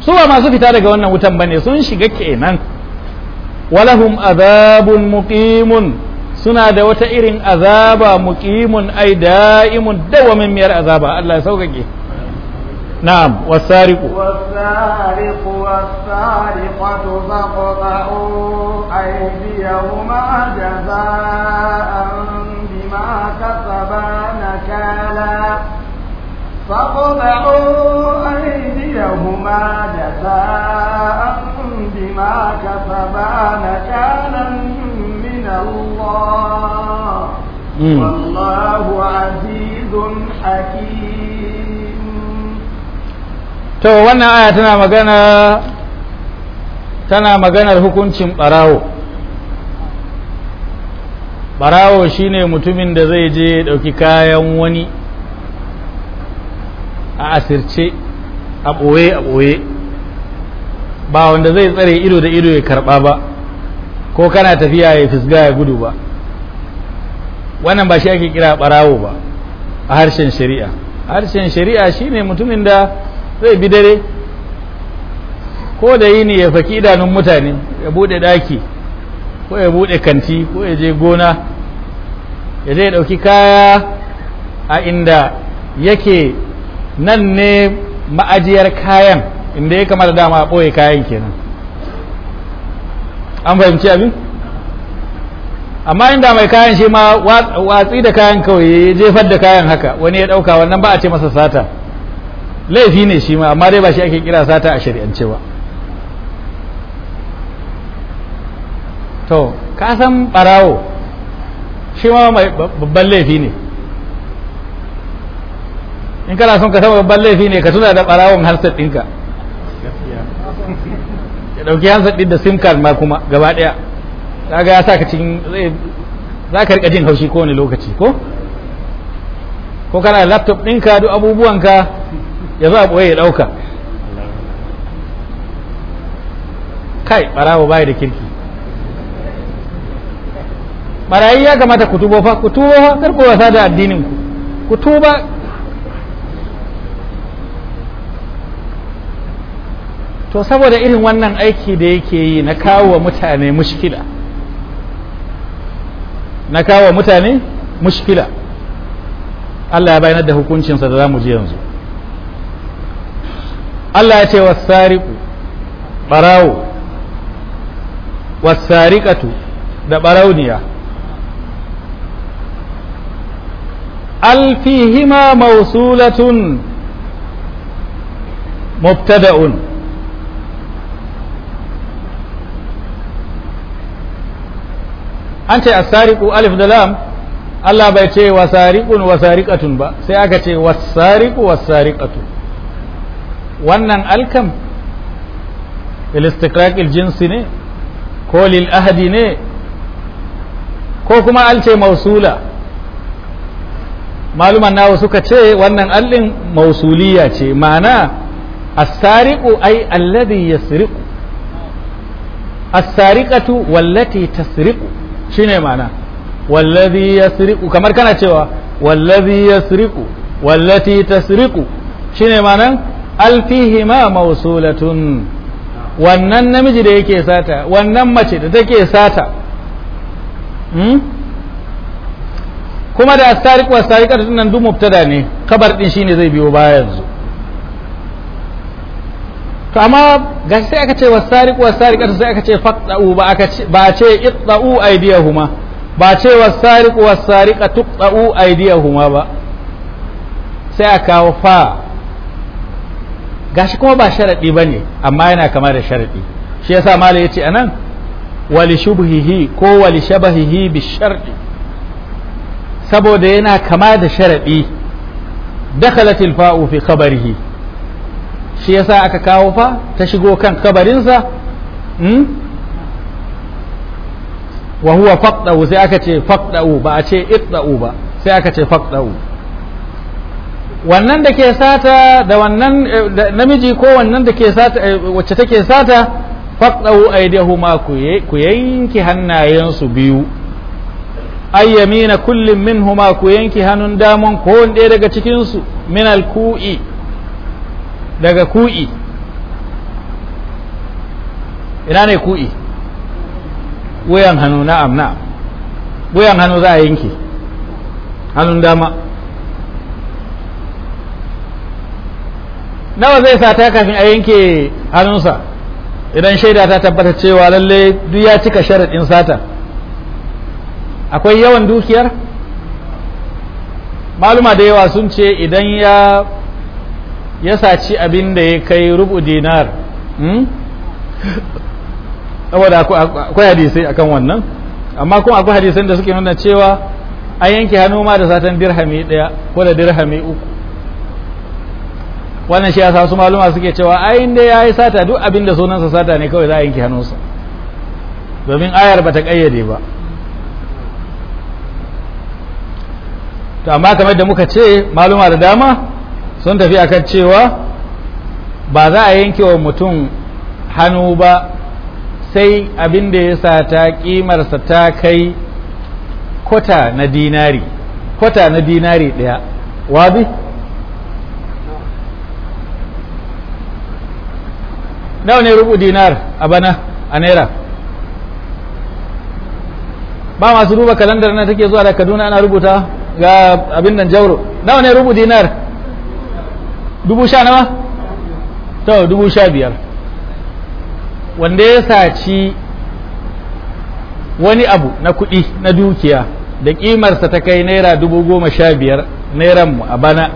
su ba masu fita daga wannan wutan bane sun shiga kenan walahum azabun muqimun suna da wata irin azaba muqimun ai da'imun dawamin miyar azaba Allah ya sauƙaƙe na'am wasariqu wasariqu wasariqatu faqta'u aydiyahuma jazaa'an bima kasaba nakala فقطعوا أيديهما جزاء بما كسبا نكالا من الله والله عزيز حكيم to wannan aya tana tana maganar hukuncin barawo barawo shine mutumin da zai je ya ɗauki kayan wani a asirce a ɓoye a ɓoye ba wanda zai tsare ido da ido ya karɓa ba ko kana tafiya ya fisga ya gudu ba wannan ba shi ake kira ɓarawo ba a harshen shari'a harshen shari'a shine mutumin da zai bi dare ko da yi ne ya faki idanun mutane ya buɗe ɗaki ko ya buɗe kanti ko ya je gona ya zai ɗauki kaya a inda yake nan ne ma'ajiyar kayan inda ya kamata dama a ɓoye kayan kenan an fahimci abin amma inda mai kayan shi ma watsi da kayan kawai ya jefar da kayan haka wani ya ɗauka wannan ba a ce masa sata laifi ne shi ma amma dai ba shi ake kira sata a shari'ance ba to ka san ɓarawo shi ma babban laifi ne in kana son ka saba babban laifi ne ka tuna da barawon handset ɗinka ya ɗauki handset ɗin da sim card ma kuma gaba ɗaya kaga ya sa ka cikin za ka rika jin haushi kowane lokaci ko ko kana da laptop ɗinka duk abubuwanka ya zo a ɓoye ya ɗauka kai ɓarawo bai da kirki barayi ya kamata ku tubo fa ku tubo fa kar ku wasa da addinin ku ku tuba to saboda irin wannan aiki da yake yi na kawo wa mutane mushkila na kawo wa mutane mushkila Allah ya bayanar da hukuncinsa da za mu ji yanzu Allah ya ce wasariku barawo wasariƙatu da barauniya alfihima mausulatun mubtada'un an ce asariqu alif da lam Allah bai ce wasariqun wasariqatun ba sai aka ce wasariqu wasariqatu wannan alkam lil istiqraq jinsi ne ko lil ahadi ne ko kuma al ce mausula maluman nawa suka ce wannan allin mausuliya ce ma'ana asariqu ai alladhi yasriqu asariqatu wallati tasriqu shine ma'ana wallazi yasriqu kamar kana cewa wallazi yasriqu wallati tasriqu shine ma'anan alfihima mawsulatun wannan namiji da yake sata wannan mace da take sata hmm? kuma da astariq wa astariqatu nan duk mubtada ne kabar din shine zai biyo baya yanzu to amma ga sai aka ce wasariq wasariqatu sai aka ce faqta'u ba aka ce ba ce iqta'u aydiyahuma ba ce wasariq wasariqatu iqta'u aydiyahuma ba sai aka kawo fa gashi kuma ba sharadi bane amma yana kama da sharadi shi yasa malai yace anan wali shubhihi ko wali shabahihi bi sharadi saboda yana kama da sharadi dakhalat al fa'u fi khabarihi shi yasa aka kawo fa ta shigo kan kabarinsa hmm? wa huwa faqda'u sai aka ce faqda'u ba a ce iqda'u ba sai aka ce faqda'u wannan da ke sata da wannan eh, namiji ko wannan da ke sata eh, wacce take sata faqda'u aydahuma ku yanki hannayensu biyu ay yamina kullin minhuma ku yanki hannun damon ko wanda daga cikin su min al-ku'i daga ku'i ina ne ku'i wuyan hannu na'am na'am wuyan hannu za a yanke hannun dama nawa zai sa ta kafin a yanke hannunsa idan shaida ta tabbata cewa lalle duk ya cika sharaɗin sata akwai yawan dukiyar maluma da yawa sun ce idan ya ya saci abin da ya kai rubu dinar hmm? saboda akwai hadisai akan wannan amma kuma akwai hadisan da suke nuna cewa an yanke hannu ma da satan dirhami daya ko da dirhami uku wannan shi ya sa su maluma suke cewa ayin da ya yi sata duk abin da sunansa sata ne kawai za a yanke hannunsa domin ayar ba ta ƙayyade ba to amma kamar da muka ce maluma da dama sun tafi akan cewa ba za a yanke wa mutum hannu ba sai abin da ya sa ta kimarsa ta kai kwata na dinari kwata na dinari ɗaya wabi nawa ne rubu dinar a bana a naira ba masu duba kalandar na take zuwa da kaduna ana rubuta ga abin nan jauro nawa ne rubu dinar dubu sha nawa to dubu sha biyar wanda ya saci wani abu na kuɗi na dukiya da ƙimarsa ta kai naira dubu goma sha biyar nairanmu mu a bana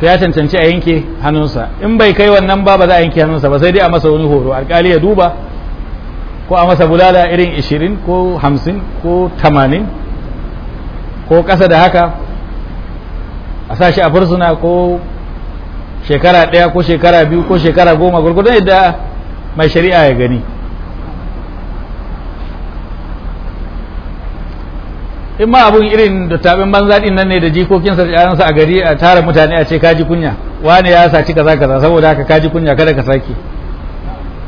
ta ya cancanci a yanke hannunsa in bai kai wannan ba ba za a yanke hannunsa ba sai dai a masa wani horo alkali ya duba ko a masa bulala irin 20 ko 50 ko 80 ko ƙasa da haka a sashi a fursuna ko shekara ɗaya ko shekara biyu ko shekara goma gurgudun yadda mai shari'a ya gani in ma abun irin da taɓin banza ɗin nan ne da jikokinsa da a gari a tara mutane a ce kaji kunya Wani ya saci kaza kaza saboda haka kaji kunya kada ka sake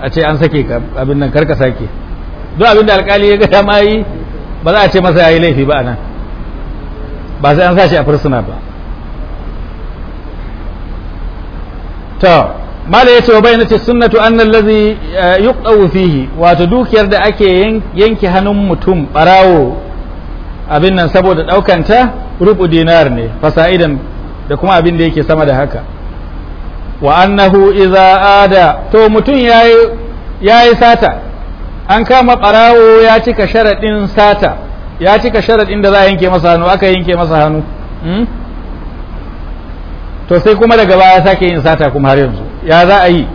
a ce an sake abin nan kar ka sake duk abin da alkali ya gada ma yi ba za a ce masa ya yi laifi ba nan ba sai an sa shi a fursuna ba to mala yace wa bayyana ce sunnatu anna allazi eh, yuqaw fihi wato dukiyar da ake yanke hannun mutum barawo abin nan saboda ta rubu dinar ne fasa'idan da kuma abin da yake sama da haka wa annahu idza ada to mutum yayi yayi sata an kama barawo ya cika sharadin sata ya cika sharadin da za a yanke masa hannu aka yanke masa hannu hmm? to sai kuma daga baya sake yin sata kuma har yanzu ya za a yi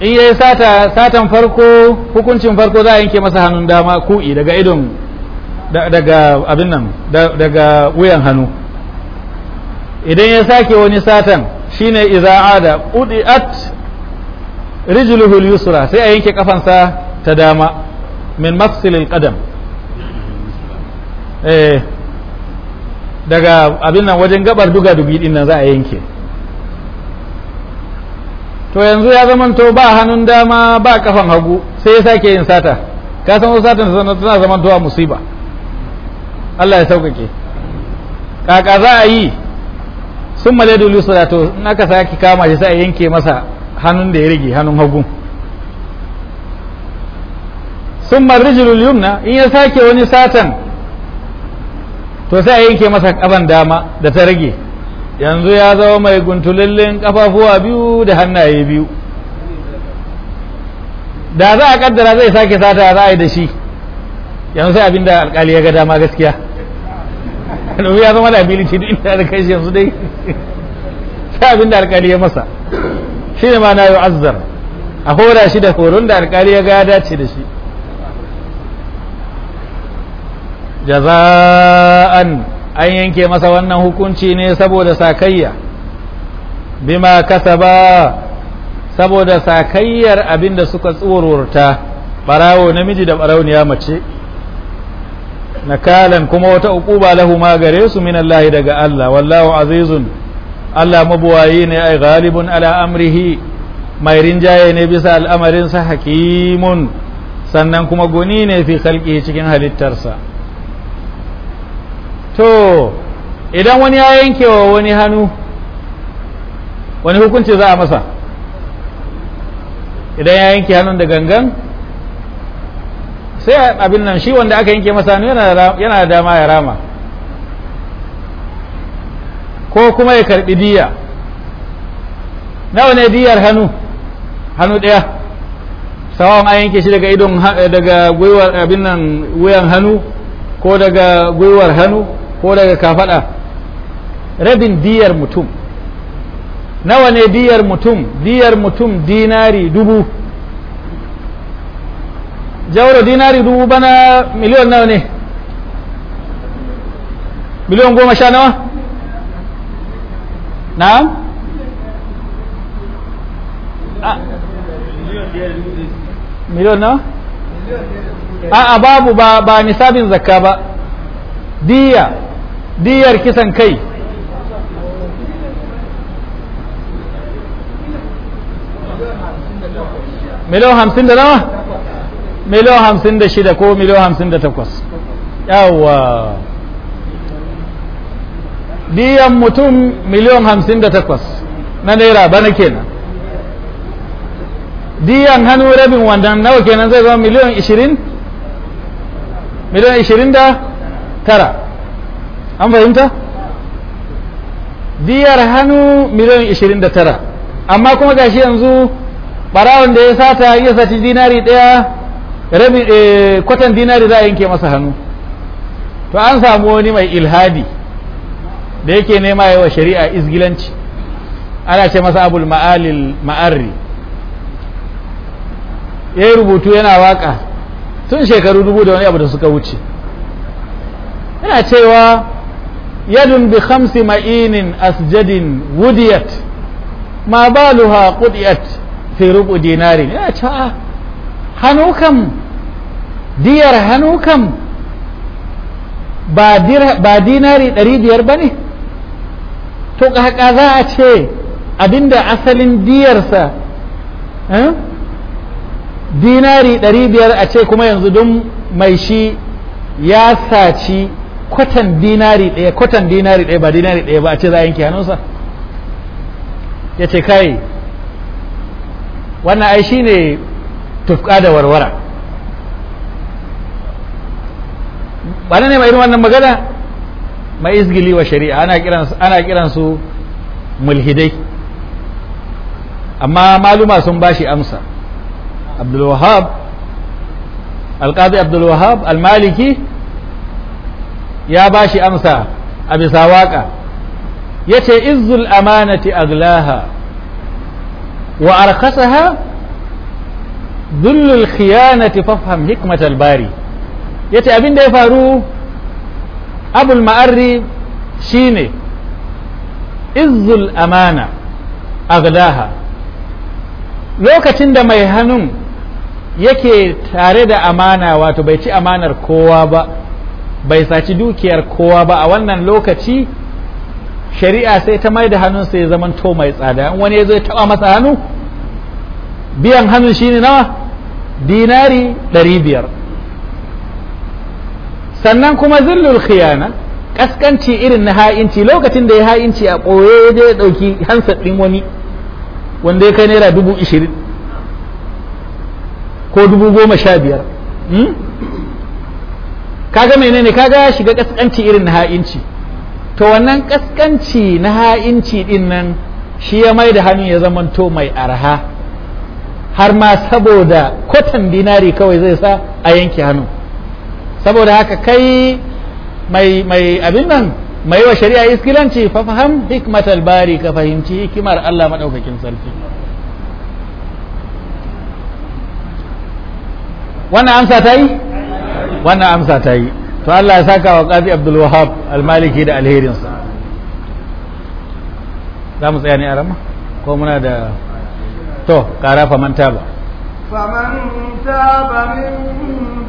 in yayi sata satan farko hukuncin farko za a yanke masa hannun dama ku'i daga idon daga abin nan daga wuyan hannu idan ya sake wani satan shine idza ada udiat rijluhu al-yusra sai a yanke kafansa ta dama min mafsil qadam eh daga abin nan wajen gabar duga dubi din nan za a yanke to yanzu ya to ba hannun dama ba kafan hagu sai ya sake yin sata ka san wasu satan tana zamantowa musiba Allah ya sauƙaƙe kaka za a yi sun male da lusa to in aka sake kama shi sai a yanke masa hannun da ya rage hannun hagu sun marijin yumna in ya sake wani satan to sai a yanke masa kaban dama da ta rage yanzu ya zama mai guntulillin kafafuwa biyu da hannaye biyu da za a kaddara zai sake sata za a yi da shi yanzu sai abinda alkali ya ga dama gaskiya domin ya zama da ability duk inda da kai yanzu dai sai abinda alkali ya masa shi ne ma na yi azzar a hora shi da horon da alkali ya ga ya dace da shi jaza'an an yanke masa wannan hukunci ne saboda sakayya bima kasaba saboda sakayyar abinda suka tsororta barawo namiji da barauniya mace nakalan kuma wata uquba lahu ma gare su min Allah daga Allah wallahu azizun Allah mabuwayi ne ai ghalibun ala amrihi mai rinjaye ne bisa al'amarin sa hakimun sannan kuma goni ne fi khalqi cikin halittarsa to idan wani ya yanke wa wani hannu wani hukunci za a masa idan ya yanke hannun da gangan sai abin nan shi wanda aka yanke masa hannu yana da dama ya rama ko kuma ya karbi diya nawa ne diyar hannu hannu ɗaya sawon an yanke shi daga idon daga gwiwar abin nan wuyan hannu ko daga gwiwar hannu ko daga kafada rabin diyar mutum nawa ne diyar mutum diyar mutum dinari dubu jauro dinari dubu bana miliyon nawa ne miliyon goma sha nawa na ah. miliyon nawa a'a babu ba nisabin zakka ba diya diyar kisan kai miliyan hamsin da nawa miliyan hamsin da shida ko miliyan hamsin da takwas yawwa diyan mutum miliyan hamsin da takwas na naira bana kenan diyan hannu rabin wanda nawa kenan zai zama miliyan ishirin miliyan ishirin da tara an fahimta Biyar hannu miliyan 29 amma kuma gashi yanzu barawon da ya sata ya sati dinari daya rabin eh, kwatan dinari za a yanke masa hannu to an samu wani mai ilhadi da yake nema yawa shari'a izgilanci ana ce masa abul ma'alil ma'arri ya yi rubutu yana waka tun shekaru dubu da wani abu da suka wuce yana cewa yadun bi khamsi ma'inin asjadin wudiyat ma baluha qudiyat fi rubu dinarin ya ce hannu kam diyar hannu kam ba dinari ɗari biyar ba ne to kaka za a ce abinda asalin diyarsa dinari ɗari biyar a ce kuma yanzu don mai shi ya saci kwatan dinari ɗaya kwatan dinari ɗaya ba dinari ɗaya ba a ce za a yanke hannunsa ya ce kai wannan ai shi ne tufka da warwara ba ne mai irin wannan magana mai izgili wa shari'a ana kiransu mulhidai amma maluma sun bashi amsa abdulwahab alƙadi abdulwahab almaliki ya ba shi amsa a bisa waƙa ya ce izzul amanati aglaha wa arkasaha dullul khiyanati fafham hikmatal bari ya ce abin da ya faru abul ma'arri shine izul amana aglaha lokacin da mai hannun yake tare da amana wato bai ci amanar kowa ba bai saci dukiyar kowa ba a wannan lokaci shari'a sai ta mai da hannun ya zama to mai tsada in wani ya zo ya taba masa hannu biyan hannun shine nawa dinari ɗari sannan kuma zillul khiyana kaskanci irin na ha'inci lokacin da ya ha'inci a ɓoye da ya ɗauki hansa ɗin wani wanda ya kai naira dubu ishirin ko dubu goma sha biyar hmm? kaga menene kaga ya shiga kaskanci irin na ha'inci to wannan kaskanci na ha'inci din nan shi ya mai da hannu ya zamanto mai arha har ma saboda kwatan dinari kawai zai sa a yanke hannu saboda haka kai mai abin nan mai wa shari'a iskilanci fa faham hikmatal bari ka fahimci hikimar Allah maɗaukakin sarki wannan amsa ta yi wannan amsa ta yi to Allah ya saka wa Qadi Abdul Wahab da alherin za mu tsaya ne a rama ko muna da to kara fa min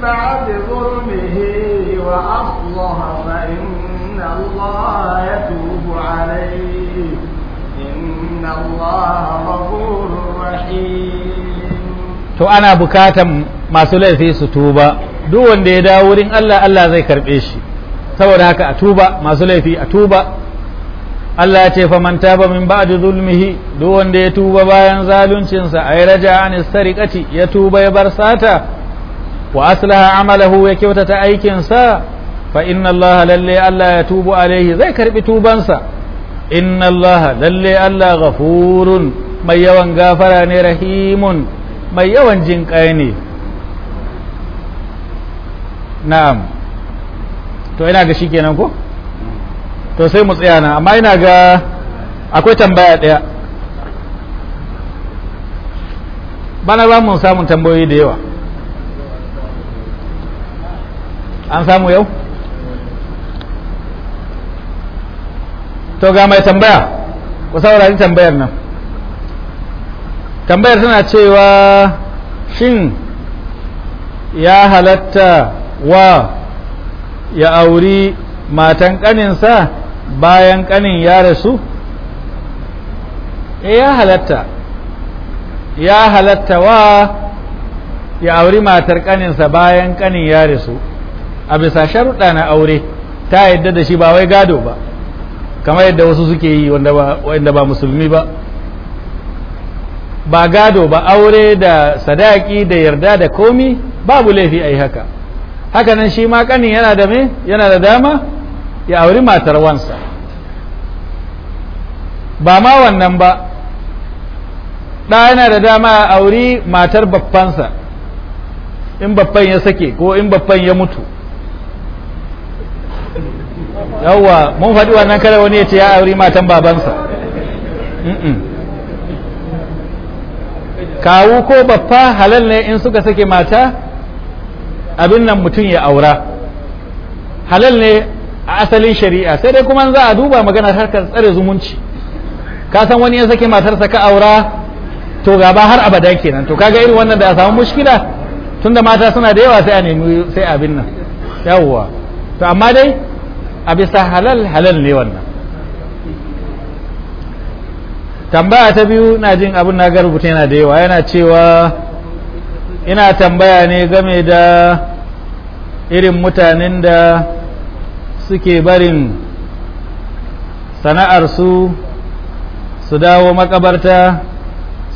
ba'd zulmihi wa aslaha fa inna Allah yatubu alayhi inna Allah ghafurur rahim to ana bukatan masu laifi su tuba duk wanda ya dawo wurin Allah Allah zai karɓe shi saboda haka a tuba masu laifi a tuba Allah ya ce manta taba min ba'di zulmihi duk wanda ya tuba bayan zaluncinsa ay raja an sariqati ya tuba ya bar sata wa aslaha amalahu ya kyautata aikinsa fa inna Allah lalle Allah ya tubu alaihi zai karbi tubansa inna Allah lalle Allah ghafurun mai yawan gafara ne rahimun mai yawan jinƙai ne na'am to ina ga shikenan ko to sai mu tsaya na amma ina ga akwai tambaya daya bana ba mu samun tambayoyi da yawa an samu yau to ga mai tambaya ku saurari tambayar nan tambayar tana cewa shin ya halatta wa ya auri matan ƙaninsa bayan ƙanin ya rasu e ya halatta ya halatta wa ya auri matar ƙaninsa bayan ƙanin ya rasu a bisa sharuɗa na aure ta yadda da shi ba wai gado ba kamar yadda wasu suke yi wanda ba musulmi ba ba gado ba aure da sadaki da yarda da komi babu laifi a yi haka haka nan shi ma kanin yana da me yana da dama ya auri matar wansa ba ma wannan ba ɗa yana da dama ya auri matar babbansa in babban ya sake ko in babban ya mutu yawwa mun faɗi wannan kada wani ya ce ya auri matan babansa kawu ko babba halal ne in suka sake mata abin nan mutum ya aura halal ne a asalin shari'a sai dai kuma za a duba magana harkar tsare zumunci ka san wani ya sake matarsa ka aura to gaba har abada kenan to kaga irin wannan da a samu mushkila tunda mata suna da yawa sai a nemi sai abin nan yawwa to amma dai a bisa halal halal ne wannan tambaya ta biyu na jin abin na garbuta yana da yawa yana cewa ina tambaya ne game da irin mutanen da suke barin sana'ar su su dawo makabarta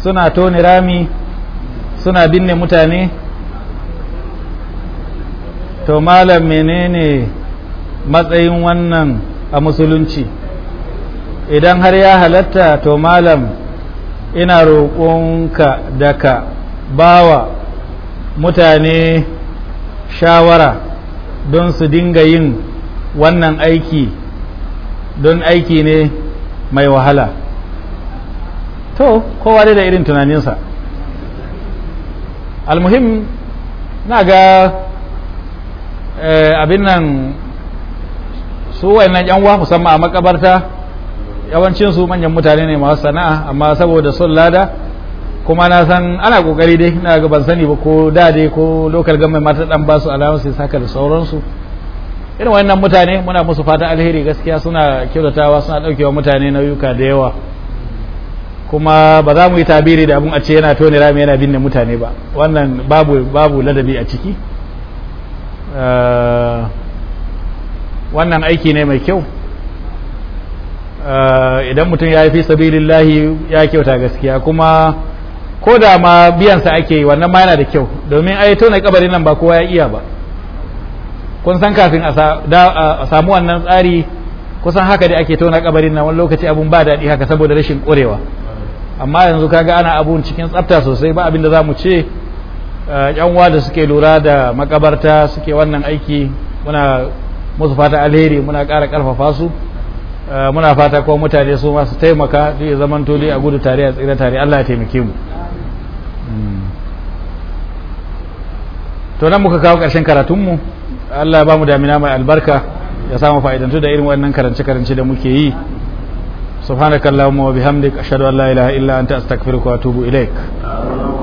suna toni rami suna binne mutane to malam menene matsayin wannan a musulunci idan har ya halatta to malam ina roƙonka daga bawa mutane shawara don su dinga yin wannan aiki don aiki ne mai wahala to kowa dai da irin tunaninsa almuhim na ga eh, abin nan su wayannan yan musamman a makabarta yawancinsu manyan mutane ne masu sana'a amma saboda son lada kuma na san ana kokari dai na ga ban sani ba ko da dai ko local government mata dan basu su alamu sai saka da sauransu irin wannan mutane muna musu fatan alheri gaskiya suna kyautatawa suna daukewa mutane nauyuka da yawa kuma ba za mu yi tabiri da abun a ce yana tone rami yana binne mutane ba wannan babu babu ladabi a ciki eh, wannan aiki ne mai kyau eh, idan mutum ya yi fi sabilillahi ya kyauta gaskiya kuma ko da ma biyan biyansa ake yi wannan ma yana da kyau domin ai tona kabarin nan ba kowa ya iya ba kun san kafin a samu wannan tsari kusan haka da ake tona kabarin nan wani lokaci abun ba daɗi haka saboda rashin ƙurewa amma yanzu kaga ana abun cikin tsafta sosai ba abin da za mu ce yan da suke lura da makabarta suke wannan aiki muna musu fata alheri muna ƙara ƙarfafa su muna fata kuma mutane su masu taimaka duk zaman zamanto dai a gudu tare a tsira tare Allah ya taimake mu to nan muka kawo ƙarshen karatunmu Allah ba mu damina mai albarka ya samu fa'idantu da irin wannan karance-karance da muke yi subhanakallahumma wa bihamdik ashhadu an la ilaha illa anta astaghfiruka wa atubu ilaik